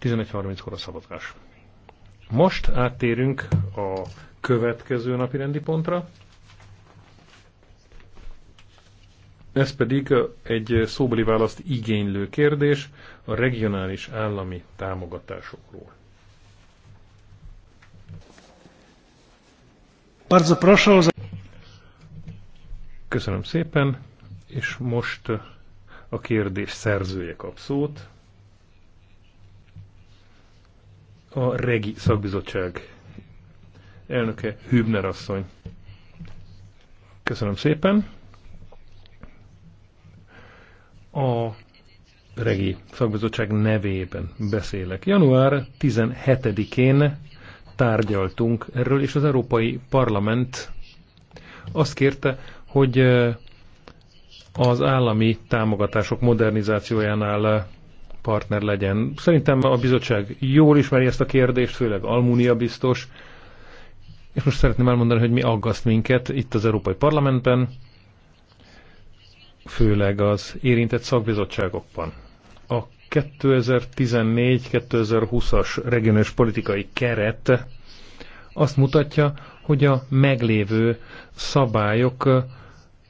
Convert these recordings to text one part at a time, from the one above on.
11.30-kor a szabadkás. Most áttérünk a következő napi rendi pontra. Ez pedig egy szóbeli választ igénylő kérdés a regionális állami támogatásokról. Köszönöm szépen, és most a kérdés szerzője kap szót. a Regi Szakbizottság elnöke Hübner asszony. Köszönöm szépen. A Regi Szakbizottság nevében beszélek. Január 17-én tárgyaltunk erről, és az Európai Parlament azt kérte, hogy eh, az állami támogatások modernizációjánál partner legyen. Szerintem a bizottság jól ismeri ezt a kérdést, főleg Almunia biztos. És most szeretném elmondani, hogy mi aggaszt minket itt az Európai Parlamentben, főleg az érintett szakbizottságokban. A 2014-2020-as regionális politikai keret azt mutatja, hogy a meglévő szabályok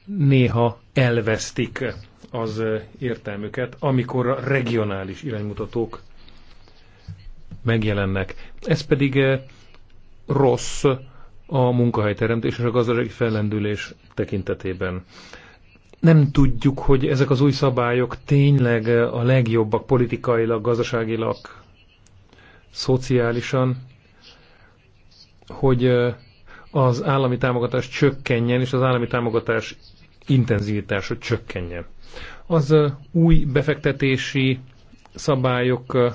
néha elvesztik az értelmüket, amikor a regionális iránymutatók megjelennek. Ez pedig rossz a munkahelyteremtés és a gazdasági fellendülés tekintetében. Nem tudjuk, hogy ezek az új szabályok tényleg a legjobbak politikailag, gazdaságilag, szociálisan, hogy az állami támogatás csökkenjen, és az állami támogatás intenzitása csökkenjen. Az új befektetési szabályok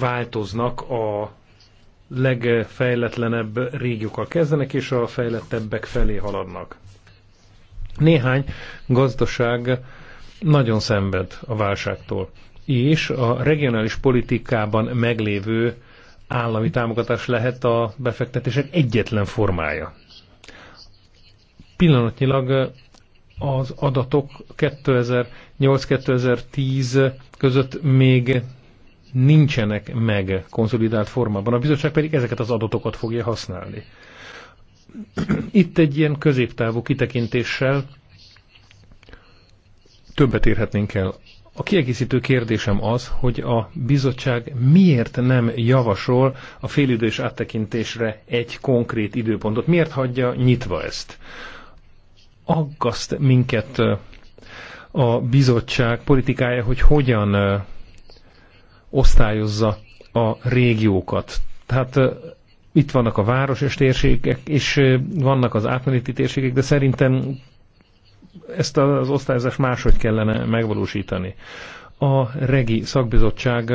változnak a legfejletlenebb régiókkal kezdenek, és a fejlettebbek felé haladnak. Néhány gazdaság nagyon szenved a válságtól, és a regionális politikában meglévő állami támogatás lehet a befektetések egyetlen formája. Pillanatnyilag az adatok 2008-2010 között még nincsenek meg konszolidált formában. A bizottság pedig ezeket az adatokat fogja használni. Itt egy ilyen középtávú kitekintéssel többet érhetnénk el. A kiegészítő kérdésem az, hogy a bizottság miért nem javasol a félidős áttekintésre egy konkrét időpontot? Miért hagyja nyitva ezt? aggaszt minket a bizottság politikája, hogy hogyan osztályozza a régiókat. Tehát itt vannak a és térségek, és vannak az átmeneti térségek, de szerintem ezt az osztályozást máshogy kellene megvalósítani. A regi szakbizottság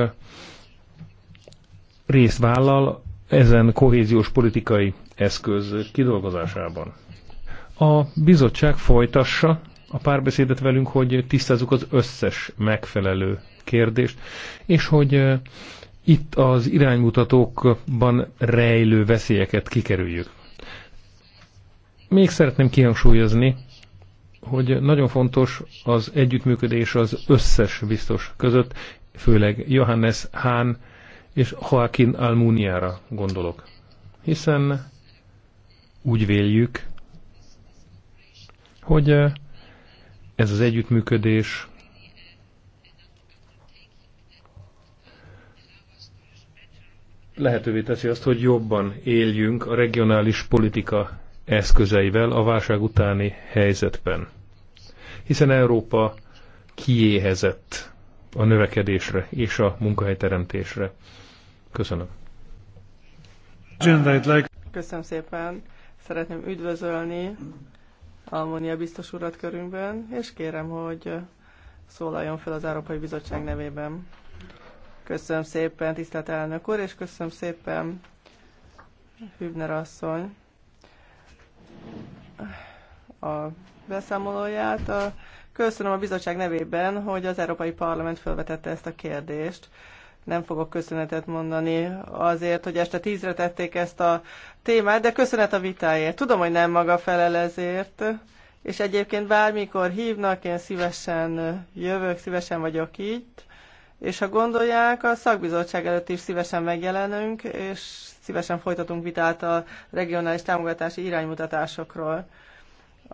részt vállal ezen kohéziós politikai eszköz kidolgozásában a bizottság folytassa a párbeszédet velünk, hogy tisztázzuk az összes megfelelő kérdést, és hogy eh, itt az iránymutatókban rejlő veszélyeket kikerüljük. Még szeretném kihangsúlyozni, hogy nagyon fontos az együttműködés az összes biztos között, főleg Johannes Hahn és Joaquin Almuniára gondolok. Hiszen úgy véljük, hogy ez az együttműködés lehetővé teszi azt, hogy jobban éljünk a regionális politika eszközeivel a válság utáni helyzetben. Hiszen Európa kiéhezett a növekedésre és a munkahelyteremtésre. Köszönöm. Köszönöm szépen. Szeretném üdvözölni Almonia biztos urat körünkben, és kérem, hogy szólaljon fel az Európai Bizottság nevében. Köszönöm szépen, tisztelt elnök úr, és köszönöm szépen, Hübner asszony, a beszámolóját. Köszönöm a bizottság nevében, hogy az Európai Parlament felvetette ezt a kérdést nem fogok köszönetet mondani azért, hogy este tízre tették ezt a témát, de köszönet a vitáért. Tudom, hogy nem maga felel ezért, és egyébként bármikor hívnak, én szívesen jövök, szívesen vagyok itt, és ha gondolják, a szakbizottság előtt is szívesen megjelenünk, és szívesen folytatunk vitát a regionális támogatási iránymutatásokról.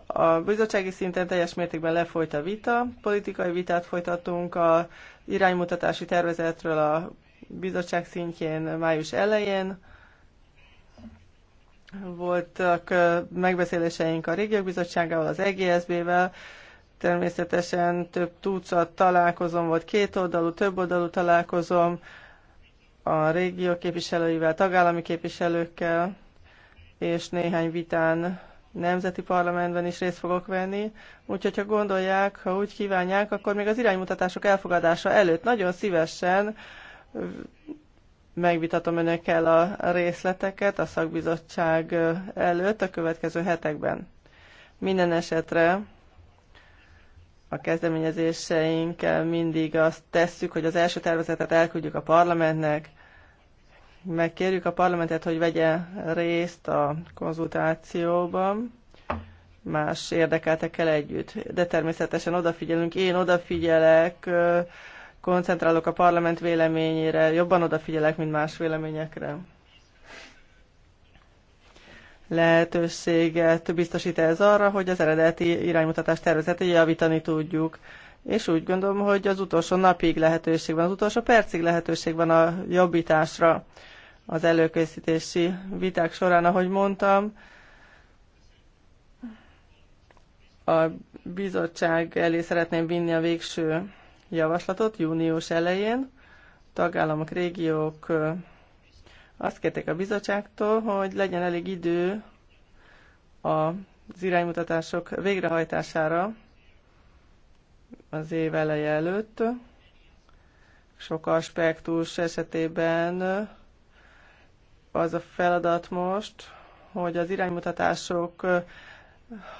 A bizottsági szinten teljes mértékben lefolyt a vita, politikai vitát folytatunk a iránymutatási tervezetről a bizottság szintjén május elején. Voltak megbeszéléseink a régiók bizottságával, az EGSB-vel, természetesen több tucat találkozom volt, két oldalú, több oldalú találkozom a régió képviselőivel, tagállami képviselőkkel, és néhány vitán nemzeti parlamentben is részt fogok venni, úgyhogy ha gondolják, ha úgy kívánják, akkor még az iránymutatások elfogadása előtt nagyon szívesen megvitatom önökkel a részleteket a szakbizottság előtt a következő hetekben. Minden esetre a kezdeményezéseinkkel mindig azt tesszük, hogy az első tervezetet elküldjük a parlamentnek, megkérjük a parlamentet, hogy vegye részt a konzultációban más érdekeltekkel együtt. De természetesen odafigyelünk, én odafigyelek, koncentrálok a parlament véleményére, jobban odafigyelek, mint más véleményekre. Lehetőséget biztosít ez arra, hogy az eredeti iránymutatás tervezetét javítani tudjuk. És úgy gondolom, hogy az utolsó napig lehetőség van, az utolsó percig lehetőség van a jobbításra az előkészítési viták során, ahogy mondtam, a bizottság elé szeretném vinni a végső javaslatot június elején. Tagállamok, régiók azt kérték a bizottságtól, hogy legyen elég idő az iránymutatások végrehajtására az év eleje előtt. Sok aspektus esetében az a feladat most, hogy az iránymutatások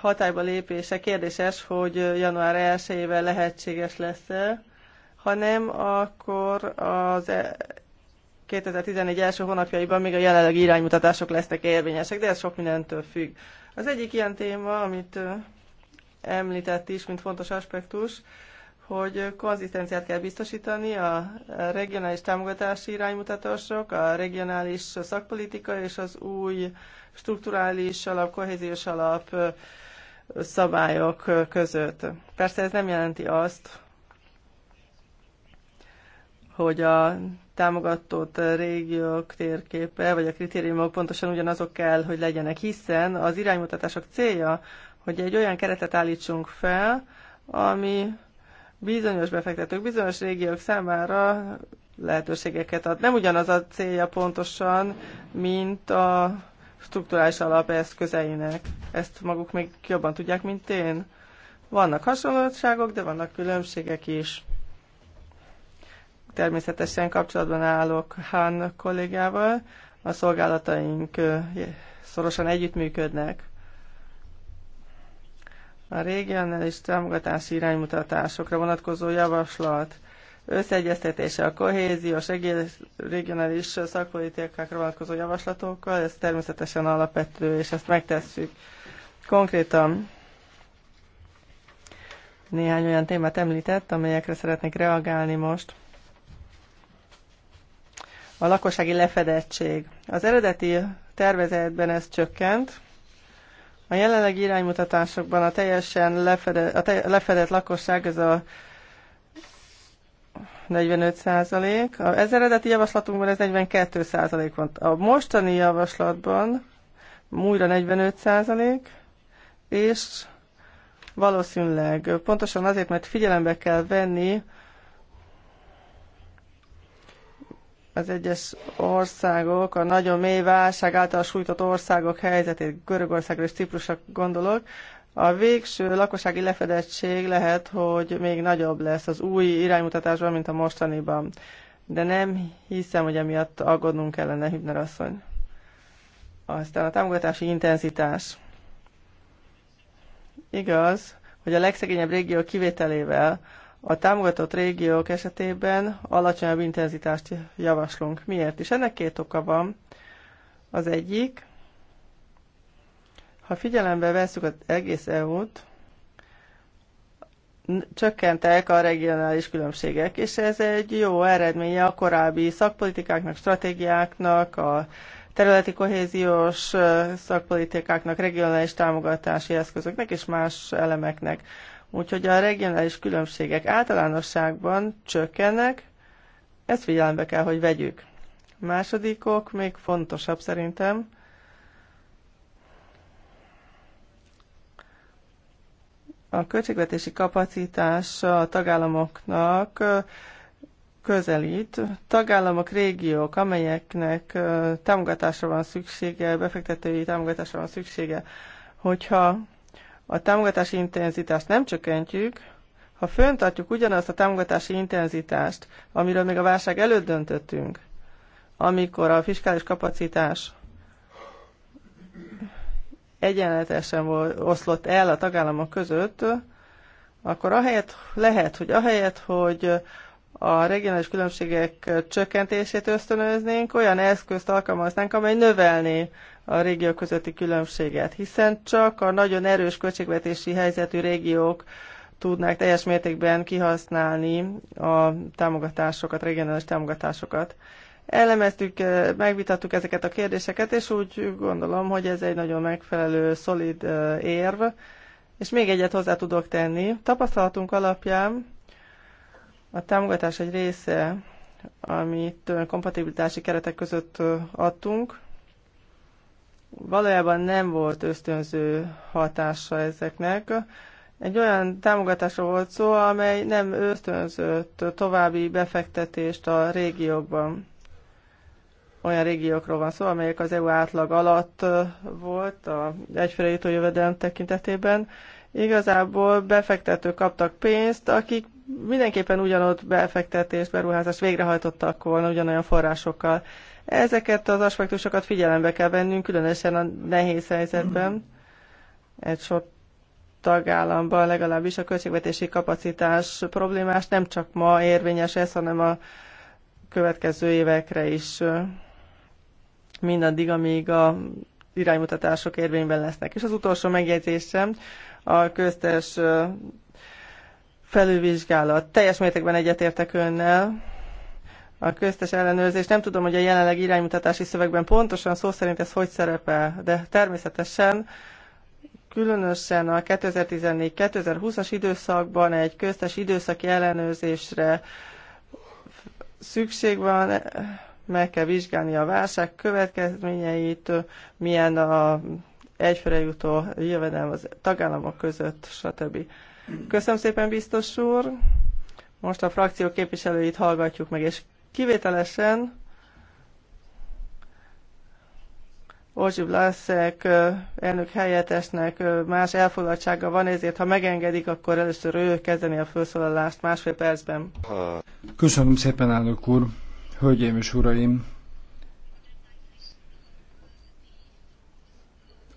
hatályba lépése kérdéses, hogy január 1-ével lehetséges lesz-e, ha nem, akkor az 2014 e, első hónapjaiban még a jelenlegi iránymutatások lesznek érvényesek, de ez sok mindentől függ. Az egyik ilyen téma, amit említett is, mint fontos aspektus, hogy konzisztenciát kell biztosítani a regionális támogatási iránymutatások, a regionális szakpolitika és az új strukturális alap, kohéziós alap szabályok között. Persze ez nem jelenti azt, hogy a támogatott régiók térképe, vagy a kritériumok pontosan ugyanazok kell, hogy legyenek, hiszen az iránymutatások célja, hogy egy olyan keretet állítsunk fel, ami bizonyos befektetők, bizonyos régiók számára lehetőségeket ad. Nem ugyanaz a célja pontosan, mint a strukturális alap eszközeinek. Ezt maguk még jobban tudják, mint én. Vannak hasonlóságok, de vannak különbségek is. Természetesen kapcsolatban állok Hán kollégával, a szolgálataink szorosan együttműködnek. A regionális támogatási iránymutatásokra vonatkozó javaslat összeegyeztetése a kohéziós regionális szakpolitikákra vonatkozó javaslatokkal, ez természetesen alapvető, és ezt megtesszük. Konkrétan néhány olyan témát említett, amelyekre szeretnék reagálni most. A lakossági lefedettség. Az eredeti tervezetben ez csökkent, a jelenlegi iránymutatásokban a teljesen lefedett, a te, lefedett lakosság ez a 45 százalék. az eredeti javaslatunkban ez 42 százalék volt. A mostani javaslatban újra 45 százalék, és valószínűleg pontosan azért, mert figyelembe kell venni az egyes országok, a nagyon mély válság által sújtott országok helyzetét, Görögországra és Ciprusra gondolok, a végső lakossági lefedettség lehet, hogy még nagyobb lesz az új iránymutatásban, mint a mostaniban. De nem hiszem, hogy emiatt aggódnunk kellene, Hübner asszony. Aztán a támogatási intenzitás. Igaz, hogy a legszegényebb régió kivételével a támogatott régiók esetében alacsonyabb intenzitást javaslunk. Miért is? Ennek két oka van. Az egyik, ha figyelembe veszük az egész EU-t, csökkentek a regionális különbségek, és ez egy jó eredménye a korábbi szakpolitikáknak, stratégiáknak, a területi kohéziós szakpolitikáknak, regionális támogatási eszközöknek és más elemeknek. Úgyhogy a regionális különbségek általánosságban csökkennek, ezt figyelembe kell, hogy vegyük. Másodikok még fontosabb szerintem. A költségvetési kapacitás a tagállamoknak közelít. Tagállamok, régiók, amelyeknek támogatásra van szüksége, befektetői támogatásra van szüksége, hogyha a támogatási intenzitást nem csökkentjük, ha föntartjuk ugyanazt a támogatási intenzitást, amiről még a válság előtt döntöttünk, amikor a fiskális kapacitás egyenletesen oszlott el a tagállamok között, akkor ahelyett lehet, hogy ahelyett, hogy a regionális különbségek csökkentését ösztönöznénk, olyan eszközt alkalmaznánk, amely növelné a régiók közötti különbséget, hiszen csak a nagyon erős költségvetési helyzetű régiók tudnák teljes mértékben kihasználni a támogatásokat, regionális támogatásokat. Elemeztük, eh, megvitattuk ezeket a kérdéseket, és úgy gondolom, hogy ez egy nagyon megfelelő, szolid eh, érv. És még egyet hozzá tudok tenni. Tapasztalatunk alapján a támogatás egy része, amit kompatibilitási keretek között adtunk, valójában nem volt ösztönző hatása ezeknek. Egy olyan támogatásra volt szó, amely nem ösztönzött további befektetést a régiókban. Olyan régiókról van szó, amelyek az EU átlag alatt volt a egyfőre jövedelem tekintetében. Igazából befektetők kaptak pénzt, akik mindenképpen ugyanott befektetést, beruházást végrehajtottak volna ugyanolyan forrásokkal. Ezeket az aspektusokat figyelembe kell vennünk, különösen a nehéz helyzetben. Egy sok tagállamban legalábbis a költségvetési kapacitás problémás nem csak ma érvényes ez, hanem a következő évekre is mindaddig, amíg a iránymutatások érvényben lesznek. És az utolsó megjegyzésem, a köztes felülvizsgálat. Teljes mértékben egyetértek önnel. A köztes ellenőrzés. Nem tudom, hogy a jelenleg iránymutatási szövegben pontosan szó szerint ez hogy szerepel, de természetesen különösen a 2014-2020-as időszakban egy köztes időszaki ellenőrzésre szükség van, meg kell vizsgálni a válság következményeit, milyen a egyfőre jutó jövedelem az tagállamok között, stb. Köszönöm szépen, biztos úr. Most a frakció képviselőit hallgatjuk meg, és kivételesen Ozsib Lászek elnök helyettesnek más elfoglaltsága van, ezért ha megengedik, akkor először ő kezdeni a felszólalást másfél percben. Köszönöm szépen, elnök úr, hölgyeim és uraim!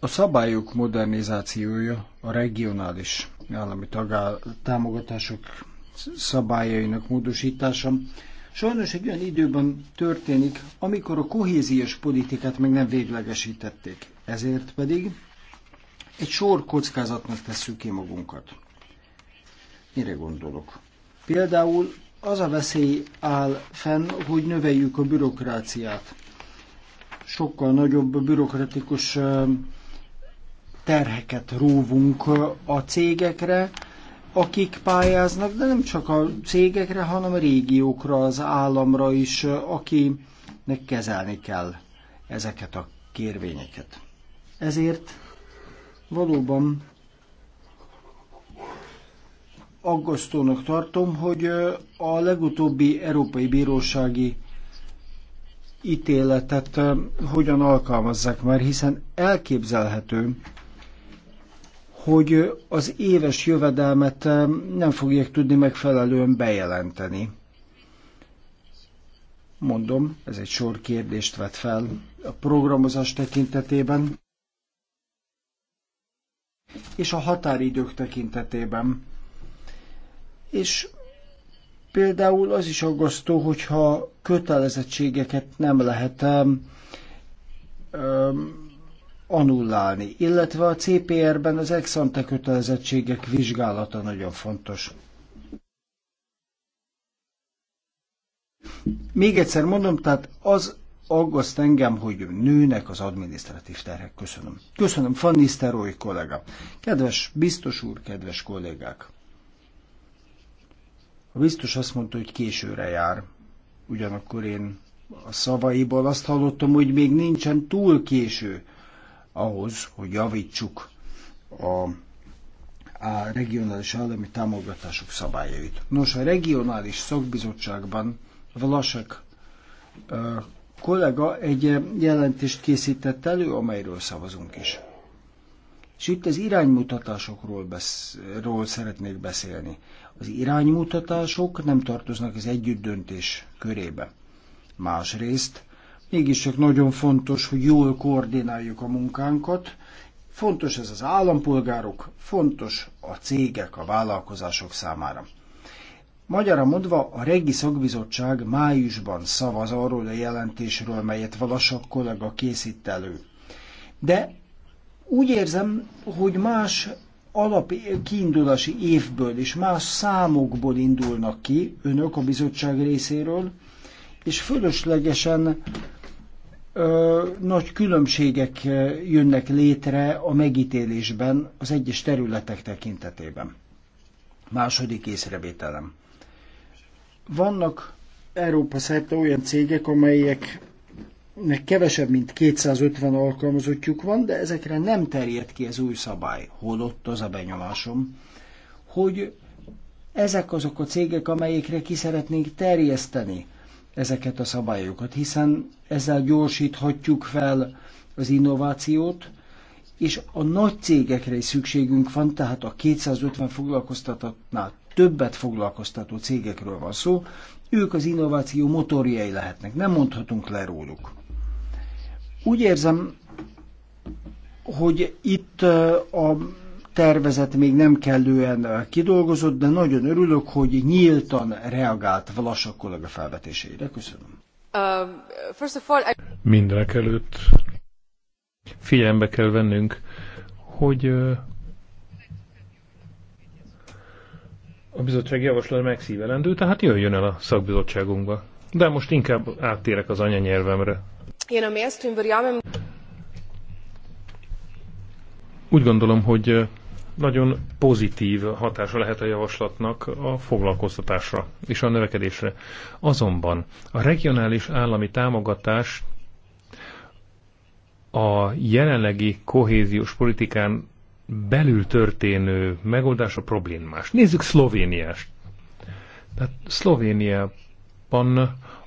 A szabályok modernizációja a regionális állami tagá- támogatások szabályainak módosítása sajnos egy olyan időben történik, amikor a kohéziós politikát még nem véglegesítették. Ezért pedig egy sor kockázatnak tesszük ki magunkat. Mire gondolok? Például az a veszély áll fenn, hogy növeljük a bürokráciát. Sokkal nagyobb bürokratikus terheket róvunk a cégekre, akik pályáznak, de nem csak a cégekre, hanem a régiókra, az államra is, akinek kezelni kell ezeket a kérvényeket. Ezért valóban aggasztónak tartom, hogy a legutóbbi Európai Bírósági ítéletet hogyan alkalmazzák már, hiszen elképzelhető, hogy az éves jövedelmet eh, nem fogják tudni megfelelően bejelenteni. Mondom, ez egy sor kérdést vet fel a programozás tekintetében és a határidők tekintetében. És például az is aggasztó, hogyha kötelezettségeket nem lehet um, anullálni, illetve a CPR-ben az ex-ante kötelezettségek vizsgálata nagyon fontos. Még egyszer mondom, tehát az aggaszt engem, hogy nőnek az adminisztratív terhek. Köszönöm. Köszönöm, Fanny Szterói kollega. Kedves biztos úr, kedves kollégák! A biztos azt mondta, hogy későre jár. Ugyanakkor én a szavaiból azt hallottam, hogy még nincsen túl késő ahhoz, hogy javítsuk a a regionális állami támogatások szabályait. Nos, a regionális szakbizottságban Vlasek kollega egy jelentést készített elő, amelyről szavazunk is. És itt az iránymutatásokról besz- ról szeretnék beszélni. Az iránymutatások nem tartoznak az együttdöntés körébe. Másrészt mégis csak nagyon fontos, hogy jól koordináljuk a munkánkat. Fontos ez az állampolgárok, fontos a cégek, a vállalkozások számára. Magyarra mondva, a Regi Szakbizottság májusban szavaz arról a jelentésről, melyet Valasak kollega készít elő. De úgy érzem, hogy más alap kiindulási évből és más számokból indulnak ki önök a bizottság részéről, és fölöslegesen ö, nagy különbségek jönnek létre a megítélésben az egyes területek tekintetében. Második észrevételem. Vannak Európa szerte olyan cégek, amelyeknek kevesebb, mint 250 alkalmazottjuk van, de ezekre nem terjed ki az új szabály. Holott az a benyomásom, hogy ezek azok a cégek, amelyekre ki szeretnénk terjeszteni ezeket a szabályokat, hiszen ezzel gyorsíthatjuk fel az innovációt, és a nagy cégekre is szükségünk van, tehát a 250 foglalkoztatatnál többet foglalkoztató cégekről van szó, ők az innováció motorjai lehetnek, nem mondhatunk le róluk. Úgy érzem, hogy itt a tervezet még nem kellően eh, kidolgozott, de nagyon örülök, hogy nyíltan reagált Vlasak kollega felvetéseire. Köszönöm. Uh, Mindenek előtt figyelembe kell vennünk, hogy eh, a bizottság javaslat megszívelendő, tehát jöjjön el a szakbizottságunkba. De most inkább áttérek az anyanyelvemre. Én a mainstream Úgy gondolom, hogy eh, nagyon pozitív hatása lehet a javaslatnak a foglalkoztatásra és a növekedésre. Azonban a regionális állami támogatás a jelenlegi kohéziós politikán belül történő megoldása problémás. Nézzük Szlovéniást. Tehát Szlovéniában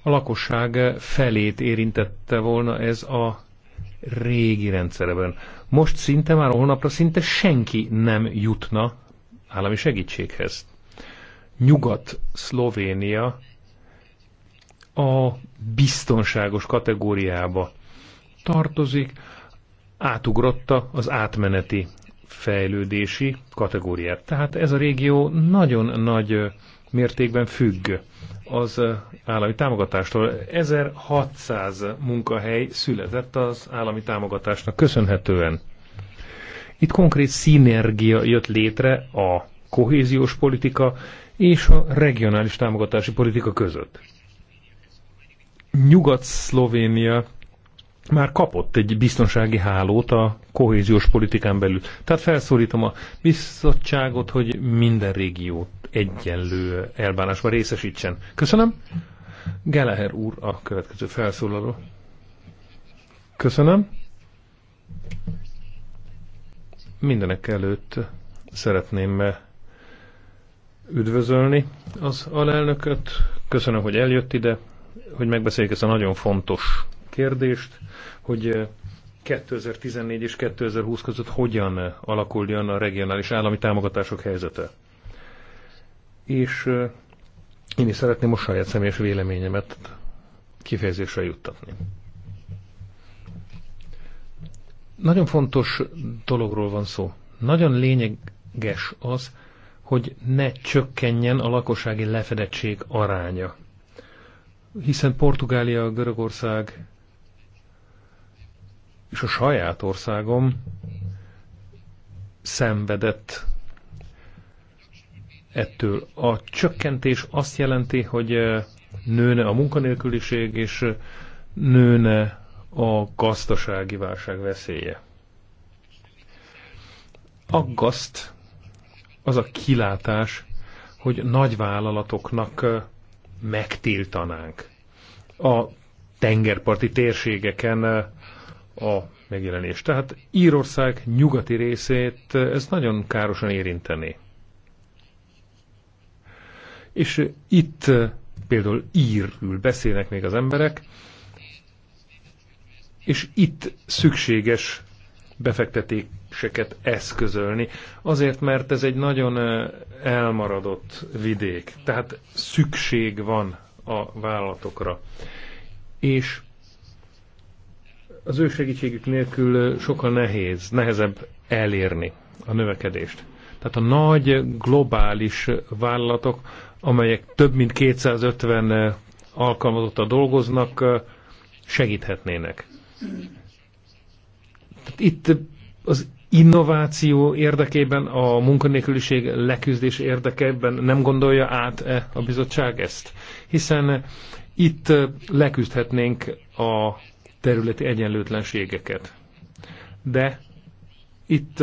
a lakosság felét érintette volna ez a régi rendszerben. Most szinte már holnapra szinte senki nem jutna állami segítséghez. Nyugat-Szlovénia a biztonságos kategóriába tartozik, átugrotta az átmeneti fejlődési kategóriát. Tehát ez a régió nagyon nagy mértékben függ az állami támogatástól. 1600 munkahely született az állami támogatásnak köszönhetően. Itt konkrét szinergia jött létre a kohéziós politika és a regionális támogatási politika között. Nyugat-Szlovénia már kapott egy biztonsági hálót a kohéziós politikán belül. Tehát felszólítom a bizottságot, hogy minden régiót egyenlő elbánásban részesítsen. Köszönöm. Geleher úr a következő felszólaló. Köszönöm. Mindenek előtt szeretném üdvözölni az alelnököt. Köszönöm, hogy eljött ide, hogy megbeszéljük ezt a nagyon fontos kérdést, hogy 2014 és 2020 között hogyan alakuljon a regionális állami támogatások helyzete és én is szeretném most saját személyes véleményemet kifejezésre juttatni. Nagyon fontos dologról van szó. Nagyon lényeges az, hogy ne csökkenjen a lakossági lefedettség aránya. Hiszen Portugália, Görögország és a saját országom szenvedett ettől. A csökkentés azt jelenti, hogy nőne a munkanélküliség, és nőne a gazdasági válság veszélye. Aggaszt az a kilátás, hogy nagy vállalatoknak megtiltanánk a tengerparti térségeken a megjelenést. Tehát Írország nyugati részét ez nagyon károsan érinteni. És itt eh, például írül beszélnek még az emberek, és itt szükséges befektetéseket eszközölni, azért mert ez egy nagyon eh, elmaradott vidék, tehát szükség van a vállalatokra. És az ő segítségük nélkül eh, sokkal nehéz, nehezebb elérni a növekedést. Tehát a nagy globális vállalatok amelyek több mint 250 eh, alkalmazottal dolgoznak, eh, segíthetnének. Itt az innováció érdekében, a munkanélküliség leküzdés érdekében nem gondolja át -e a bizottság ezt? Hiszen eh, itt leküzdhetnénk a területi egyenlőtlenségeket. De itt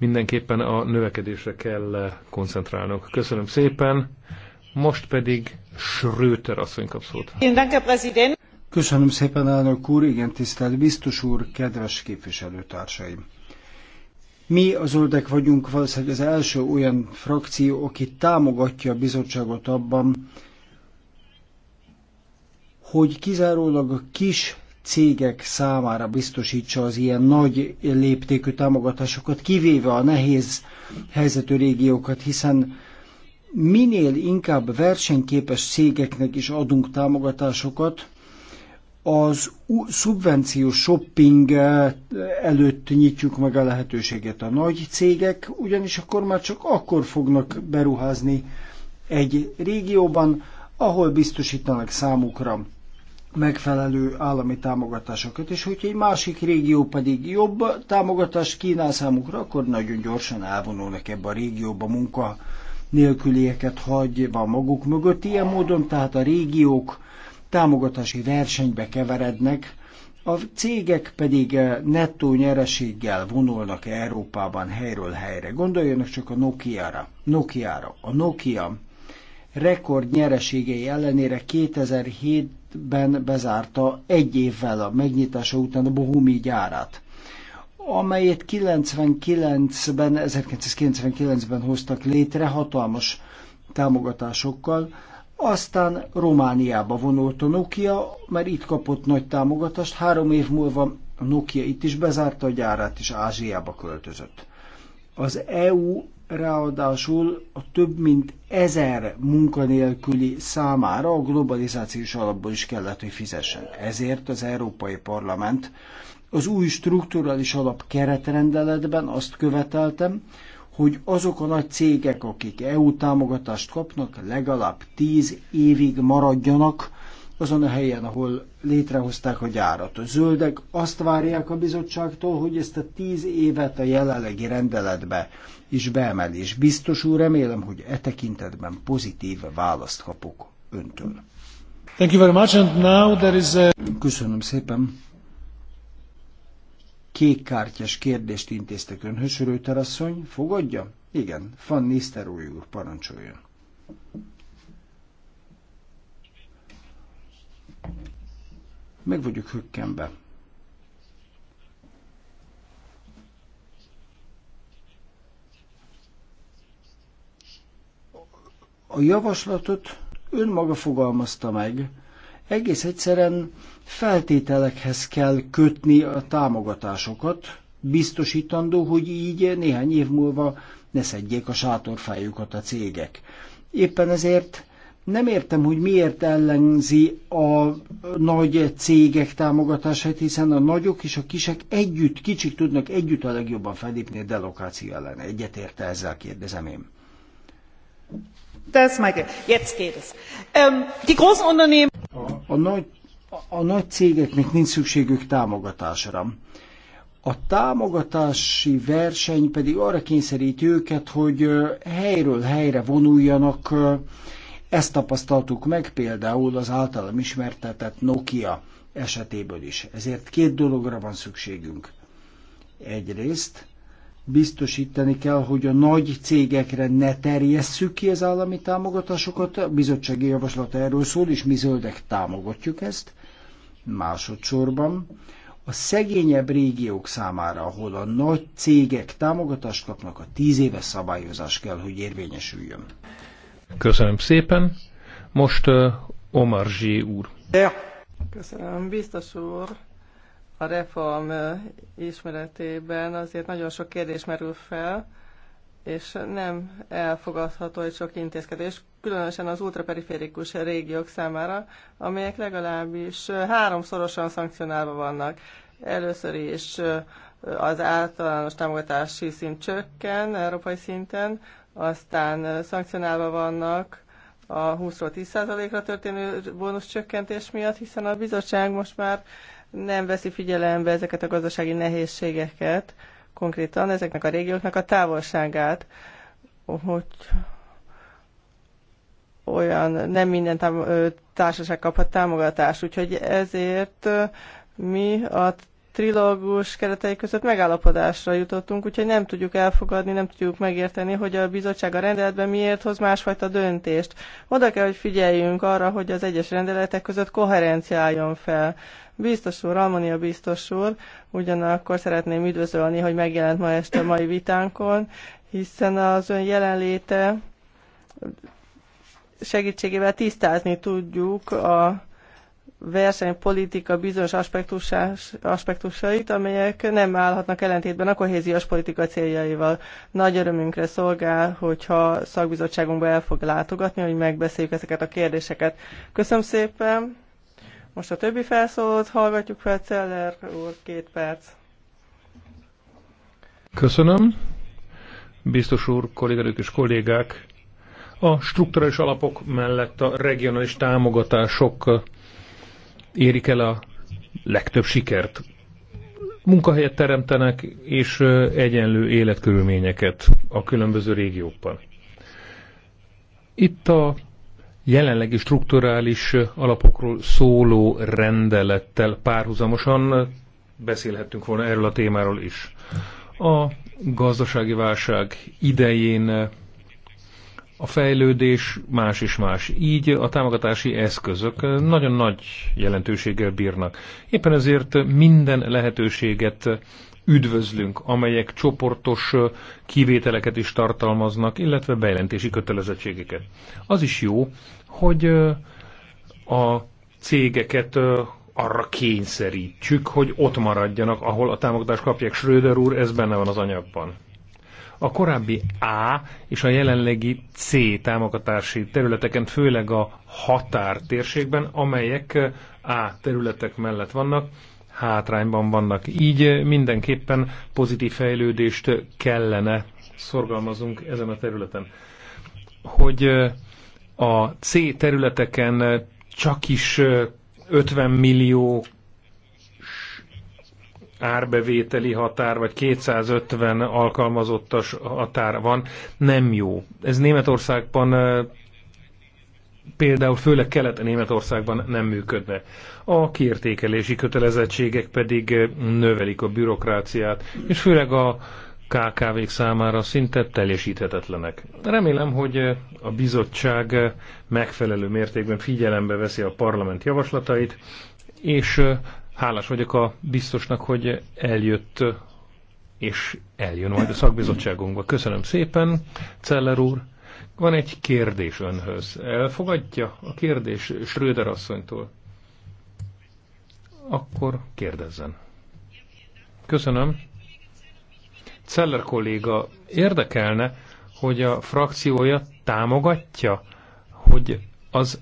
mindenképpen a növekedésre kell koncentrálnunk. Köszönöm szépen. Most pedig Schröter asszony kap szót. Köszönöm szépen, elnök úr, igen, tisztelt biztos úr, kedves képviselőtársaim. Mi a zöldek vagyunk valószínűleg az első olyan frakció, aki támogatja a bizottságot abban, hogy kizárólag a kis cégek számára biztosítsa az ilyen nagy léptékű támogatásokat, kivéve a nehéz helyzetű régiókat, hiszen minél inkább versenyképes cégeknek is adunk támogatásokat, az szubvenció shopping eh, előtt nyitjuk meg a lehetőséget a nagy cégek, ugyanis akkor már csak akkor fognak beruházni egy régióban, ahol biztosítanak számukra megfelelő állami támogatásokat, és hogyha egy másik régió pedig jobb támogatást kínál számukra, akkor nagyon gyorsan elvonulnak ebbe a régióba munka nélkülieket hagyva maguk mögött. Ilyen módon tehát a régiók támogatási versenybe keverednek, a cégek pedig eh, nettó nyereséggel vonulnak Európában helyről helyre. Gondoljanak csak a Nokia-ra. Nokia-ra. A Nokia rekord nyereségei ellenére 2007-ben bezárta egy évvel a megnyitása után a Bohumi gyárát amelyet 99-ben, 1999-ben hoztak létre hatalmas támogatásokkal, aztán Romániába vonult a Nokia, mert itt kapott nagy támogatást, három év múlva a Nokia itt is bezárta a gyárát, és Ázsiába költözött. Az EU ráadásul a több mint ezer munkanélküli számára a globalizációs alapból is kellett, hogy fizessen. Ezért az Európai Parlament az új strukturális alap keretrendeletben azt követeltem, hogy azok a nagy cégek, akik EU támogatást kapnak, legalább tíz évig maradjanak azon a helyen, ahol létrehozták a gyárat. A zöldek azt várják a bizottságtól, hogy ezt a tíz évet a jelenlegi rendeletbe is beemel, és biztos úr, remélem, hogy e tekintetben pozitív választ kapok öntől. Thank you very much, and now there is a... Köszönöm szépen. Kékkártyás kérdést intéztek önhöz, Rőter asszony. Fogadja? Igen, Van Nisztelrooy úr, parancsoljon. Meg vagyok hökkenve. A javaslatot önmaga fogalmazta meg, egész egyszerűen feltételekhez kell kötni a támogatásokat, biztosítandó, hogy így néhány év múlva ne szedjék a sátorfájukat a cégek. Éppen ezért nem értem, hogy miért ellenzi a nagy cégek támogatását, hiszen a nagyok és a kisek együtt, kicsik tudnak együtt a legjobban felépni a delokáció ellen. érte ezzel, kérdezem én. Das, Michael. Jetzt geht es. Um, die großen Unternehmen... A, a, nagy, a, a nagy cégeknek nincs szükségük támogatásra. A támogatási verseny pedig arra kényszeríti őket, hogy helyről helyre vonuljanak, ezt tapasztaltuk meg például az általam ismertetett Nokia esetéből is. Ezért két dologra van szükségünk. Egyrészt biztosítani kell, hogy a nagy cégekre ne terjesszük ki az állami támogatásokat. A bizottsági javaslat erről szól, és mi zöldek támogatjuk ezt. Másodszorban a szegényebb régiók számára, ahol a nagy cégek támogatást kapnak, a tíz éves szabályozás kell, hogy érvényesüljön. Köszönöm szépen. Most uh, Omar Zsé úr. Köszönöm, biztos úr. A reform ismeretében azért nagyon sok kérdés merül fel, és nem elfogadható egy sok intézkedés, különösen az ultraperiférikus régiók számára, amelyek legalábbis háromszorosan szankcionálva vannak. Először is az általános támogatási szint csökken európai szinten, aztán szankcionálva vannak a 20 10%-ra történő bónuszcsökkentés miatt, hiszen a bizottság most már nem veszi figyelembe ezeket a gazdasági nehézségeket, konkrétan ezeknek a régióknak a távolságát, hogy olyan nem minden társaság kaphat támogatást. Úgyhogy ezért mi a trilógus keretei között megállapodásra jutottunk, úgyhogy nem tudjuk elfogadni, nem tudjuk megérteni, hogy a bizottság a rendeletben miért hoz másfajta döntést. Oda kell, hogy figyeljünk arra, hogy az egyes rendeletek között koherencia álljon fel. Biztos úr, Almonia biztos úr, ugyanakkor szeretném üdvözölni, hogy megjelent ma este a mai vitánkon, hiszen az ön jelenléte segítségével tisztázni tudjuk a versenypolitika bizonyos aspektusait, amelyek nem állhatnak ellentétben a kohéziós politika céljaival. Nagy örömünkre szolgál, hogyha szakbizottságunkba el fog látogatni, hogy megbeszéljük ezeket a kérdéseket. Köszönöm szépen! Most a többi felszólót hallgatjuk fel, Celler úr, két perc. Köszönöm. Biztos úr, kolléganők és kollégák, a strukturális alapok mellett a regionális támogatások érik el a legtöbb sikert. Munkahelyet teremtenek, és egyenlő életkörülményeket a különböző régiókban. Itt a jelenlegi strukturális alapokról szóló rendelettel párhuzamosan beszélhettünk volna erről a témáról is. A gazdasági válság idején a fejlődés más és más. Így a támogatási eszközök nagyon nagy jelentőséggel bírnak. Éppen ezért minden lehetőséget üdvözlünk, amelyek csoportos kivételeket is tartalmaznak, illetve bejelentési kötelezettségeket. Az is jó, hogy a cégeket arra kényszerítsük, hogy ott maradjanak, ahol a támogatást kapják. Schröder úr, ez benne van az anyagban. A korábbi A és a jelenlegi C támogatási területeken, főleg a térségben, amelyek eh, A területek mellett vannak, hátrányban vannak. Így eh, mindenképpen pozitív fejlődést kellene szorgalmazunk ezen a területen. Hogy eh, a C területeken csak is 50 millió árbevételi határ, vagy 250 alkalmazottas határ van, nem jó. Ez Németországban például főleg Kelet-Németországban nem működne. A kiértékelési kötelezettségek pedig növelik a bürokráciát, és főleg a KKV-k számára szinte teljesíthetetlenek. Remélem, hogy a bizottság megfelelő mértékben figyelembe veszi a parlament javaslatait, és Hálás vagyok a biztosnak, hogy eljött és eljön majd a szakbizottságunkba. Köszönöm szépen, Celler úr. Van egy kérdés önhöz. Elfogadja a kérdés Schröder asszonytól? Akkor kérdezzen. Köszönöm. Celler kolléga érdekelne, hogy a frakciója támogatja, hogy az